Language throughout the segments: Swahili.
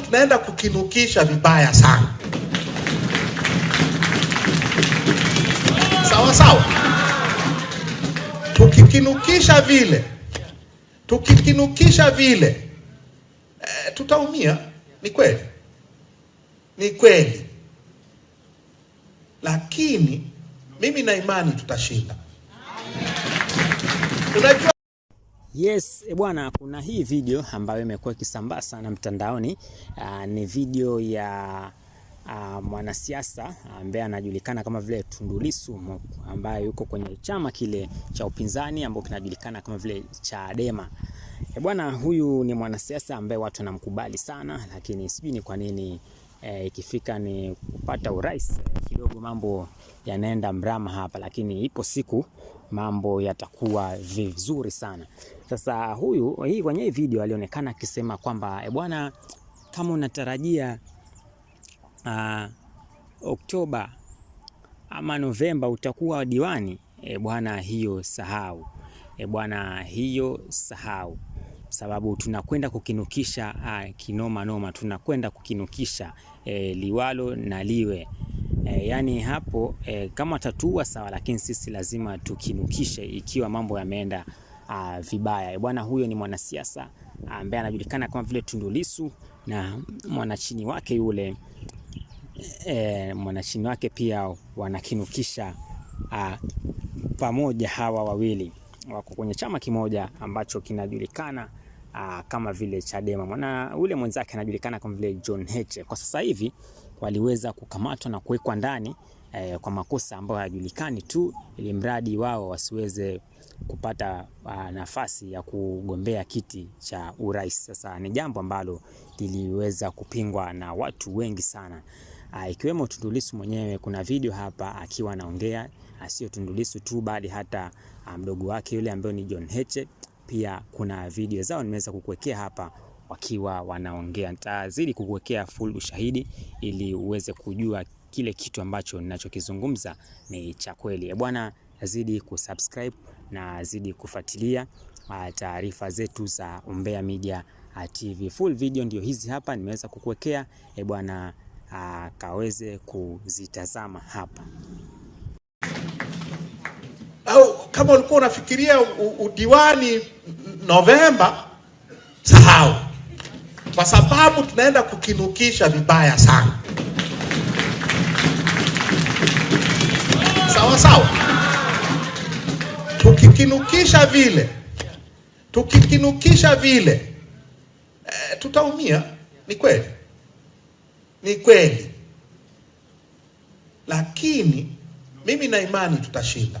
tunaenda kukinukisha vibaya sana, sawa sawa. Tukikinukisha vile tukikinukisha vile e, tutaumia. Ni kweli, ni kweli, lakini mimi na imani tutashinda. Unajua Yes, eh, bwana, kuna hii video ambayo imekuwa ikisambaa sana mtandaoni. Uh, ni video ya Uh, mwanasiasa ambaye anajulikana kama vile Tundu Lissu ambaye yuko kwenye chama kile cha upinzani ambao kinajulikana kama vile Chadema. E bwana, huyu ni mwanasiasa ambaye watu wanamkubali sana, lakini sijui ni kwa nini eh, ikifika ni kupata urais eh, kidogo mambo yanaenda mrama hapa, lakini ipo siku mambo yatakuwa vizuri sana. Sasa huyu hii kwenye hii video alionekana akisema kwamba e, bwana kama unatarajia uh, Oktoba ama Novemba utakuwa diwani, e bwana, hiyo sahau. E bwana, hiyo sahau sababu tunakwenda kukinukisha uh, kinoma noma, tunakwenda kukinukisha eh, liwalo na liwe eh, yani hapo eh, kama tatua sawa, lakini sisi lazima tukinukishe ikiwa mambo yameenda ah, vibaya. Bwana huyo ni mwanasiasa ah, ambaye anajulikana kama vile Tundu Lissu na mwanachini wake yule eh, mwanachini wake pia wanakinukisha uh, pamoja hawa wawili wako kwenye chama kimoja ambacho kinajulikana uh, kama vile Chadema. mwana ule mwenzake anajulikana kama vile John Heche. Kwa sasa hivi waliweza kukamatwa na kuwekwa ndani eh, kwa makosa ambayo hayajulikani tu, ili mradi wao wasiweze kupata uh, nafasi ya kugombea kiti cha urais. Sasa ni jambo ambalo liliweza kupingwa na watu wengi sana uh, ikiwemo Tundu Lissu mwenyewe. Kuna video hapa akiwa anaongea, sio Tundu Lissu tu, bali hata mdogo um, wake yule ambaye ni John Heche pia kuna video zao nimeweza kukuwekea hapa wakiwa wanaongea. Nitazidi kukuwekea full ushahidi ili uweze kujua kile kitu ambacho ninachokizungumza ni cha kweli. Bwana, zidi kusubscribe na zidi kufuatilia ah, taarifa zetu za Umbea Media ah, TV. Full video ndio hizi hapa nimeweza kukuwekea, e bwana, ah, kaweze kuzitazama hapa kama ulikuwa unafikiria udiwani Novemba, sahau, kwa sababu tunaenda kukinukisha vibaya sana. Sawa sawa, tukikinukisha vile tukikinukisha vile e, tutaumia. Ni kweli, ni kweli, lakini mimi na imani tutashinda.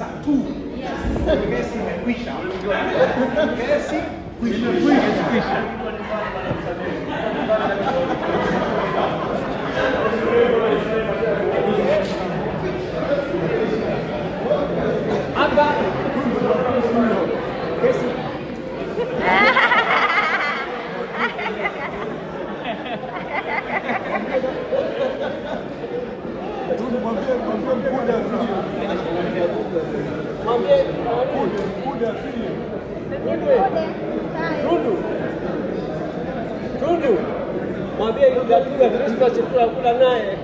Yes. partout. Merci, mais Richard. Merci, Richard. Tundu, mwambie Idugaduga, Kristo chakula kula naye